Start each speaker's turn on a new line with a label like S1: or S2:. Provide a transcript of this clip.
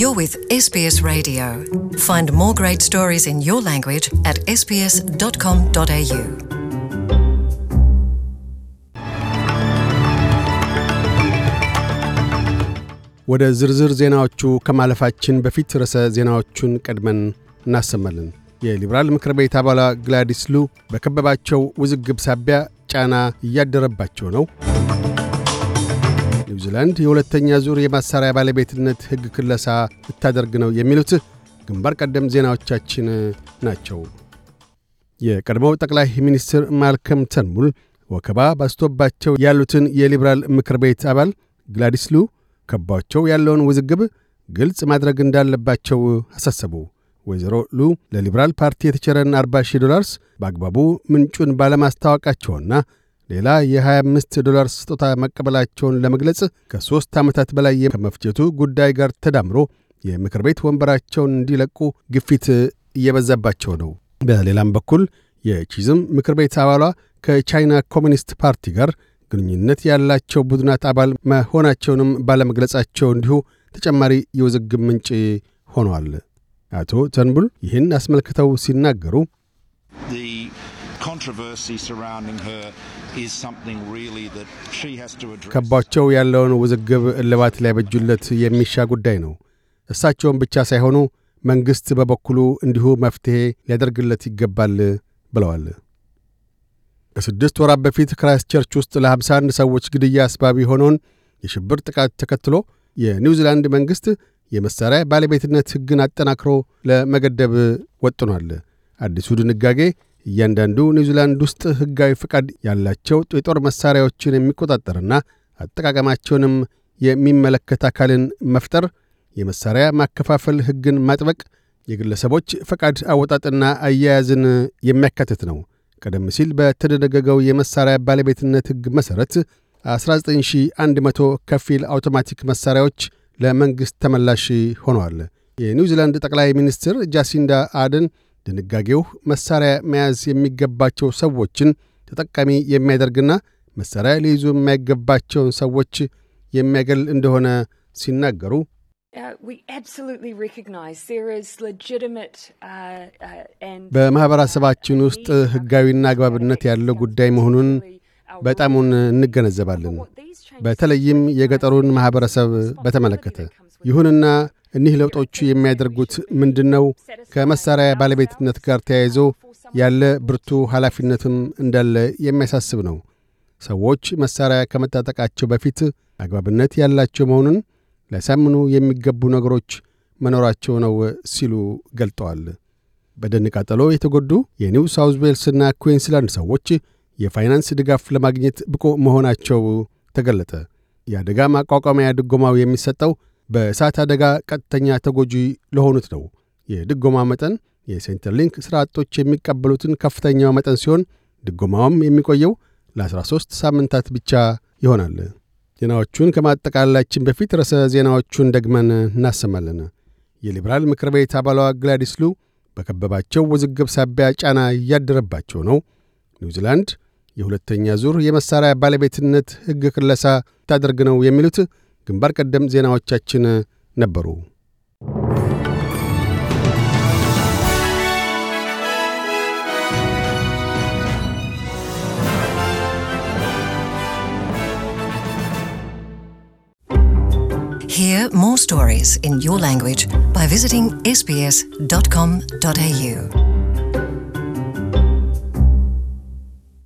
S1: You're with SBS Radio. Find more great stories in your language at sbs.com.au. ወደ ዝርዝር ዜናዎቹ ከማለፋችን በፊት ርዕሰ ዜናዎቹን ቀድመን እናሰማለን። የሊበራል ምክር ቤት አባሏ ግላዲስ ሉ በከበባቸው ውዝግብ ሳቢያ ጫና እያደረባቸው ነው። ኒውዚላንድ የሁለተኛ ዙር የማሳሪያ ባለቤትነት ሕግ ክለሳ ልታደርግ ነው የሚሉት ግንባር ቀደም ዜናዎቻችን ናቸው። የቀድሞው ጠቅላይ ሚኒስትር ማልከም ተንቡል ወከባ ባስቶባቸው ያሉትን የሊበራል ምክር ቤት አባል ግላዲስ ሉ ከባቸው ያለውን ውዝግብ ግልጽ ማድረግ እንዳለባቸው አሳሰቡ። ወይዘሮ ሉ ለሊበራል ፓርቲ የተቸረን 40 ሺህ ዶላርስ በአግባቡ ምንጩን ባለማስታወቃቸውና ሌላ የ25 ዶላር ስጦታ መቀበላቸውን ለመግለጽ ከሦስት ዓመታት በላይ ከመፍጀቱ ጉዳይ ጋር ተዳምሮ የምክር ቤት ወንበራቸውን እንዲለቁ ግፊት እየበዛባቸው ነው። በሌላም በኩል የቺዝም ምክር ቤት አባሏ ከቻይና ኮሚኒስት ፓርቲ ጋር ግንኙነት ያላቸው ቡድናት አባል መሆናቸውንም ባለመግለጻቸው እንዲሁ ተጨማሪ የውዝግብ ምንጭ ሆኗል። አቶ ተንቡል ይህን አስመልክተው ሲናገሩ ከባቸው ያለውን ውዝግብ እልባት ሊያበጁለት የሚሻ ጉዳይ ነው። እሳቸውን ብቻ ሳይሆኑ መንግሥት በበኩሉ እንዲሁ መፍትሔ ሊያደርግለት ይገባል ብለዋል። ከስድስት ወራት በፊት ቸርች ውስጥ ለ51 ሰዎች ግድያ አስባቢ የሆነውን የሽብር ጥቃት ተከትሎ የኒውዚላንድ መንግሥት የመሣሪያ ባለቤትነት ሕግን አጠናክሮ ለመገደብ ወጥኗል። አዲሱ ድንጋጌ እያንዳንዱ ኒውዚላንድ ውስጥ ሕጋዊ ፍቃድ ያላቸው የጦር መሣሪያዎችን የሚቆጣጠርና አጠቃቀማቸውንም የሚመለከት አካልን መፍጠር፣ የመሣሪያ ማከፋፈል ሕግን ማጥበቅ፣ የግለሰቦች ፈቃድ አወጣጥና አያያዝን የሚያካትት ነው። ቀደም ሲል በተደነገገው የመሣሪያ ባለቤትነት ሕግ መሠረት 19100 ከፊል አውቶማቲክ መሣሪያዎች ለመንግሥት ተመላሽ ሆነዋል። የኒውዚላንድ ጠቅላይ ሚኒስትር ጃሲንዳ አደን ድንጋጌው መሣሪያ መያዝ የሚገባቸው ሰዎችን ተጠቃሚ የሚያደርግና መሣሪያ ሊይዙ የማይገባቸውን ሰዎች የሚያገል እንደሆነ ሲናገሩ uh, uh, uh, በማኅበረሰባችን ውስጥ ሕጋዊና አግባብነት ያለው ጉዳይ መሆኑን በጣሙን እንገነዘባለን፣ በተለይም የገጠሩን ማኅበረሰብ በተመለከተ። ይሁንና እኒህ ለውጦች የሚያደርጉት ምንድን ነው? ከመሣሪያ ባለቤትነት ጋር ተያይዞ ያለ ብርቱ ኃላፊነትም እንዳለ የሚያሳስብ ነው። ሰዎች መሣሪያ ከመታጠቃቸው በፊት አግባብነት ያላቸው መሆኑን ለሳምኑ የሚገቡ ነገሮች መኖራቸው ነው ሲሉ ገልጠዋል። በደን ቃጠሎ የተጎዱ የኒው ሳውዝ ዌልስና ኩዊንስላንድ ሰዎች የፋይናንስ ድጋፍ ለማግኘት ብቁ መሆናቸው ተገለጠ። የአደጋ ማቋቋሚያ ድጎማው የሚሰጠው በእሳት አደጋ ቀጥተኛ ተጎጂ ለሆኑት ነው። የድጎማ መጠን የሴንተርሊንክ ሥራ አጦች የሚቀበሉትን ከፍተኛ መጠን ሲሆን ድጎማውም የሚቆየው ለ13 ሳምንታት ብቻ ይሆናል። ዜናዎቹን ከማጠቃለላችን በፊት ርዕሰ ዜናዎቹን ደግመን እናሰማለን። የሊበራል ምክር ቤት አባሏ ግላዲስ ሉ በከበባቸው ውዝግብ ሳቢያ ጫና እያደረባቸው ነው። ኒውዚላንድ የሁለተኛ ዙር የመሣሪያ ባለቤትነት ሕግ ክለሳ ታደርግ ነው የሚሉት ግንባር ቀደም ዜናዎቻችን ነበሩ። Hear more stories in your language by visiting sbs.com.au.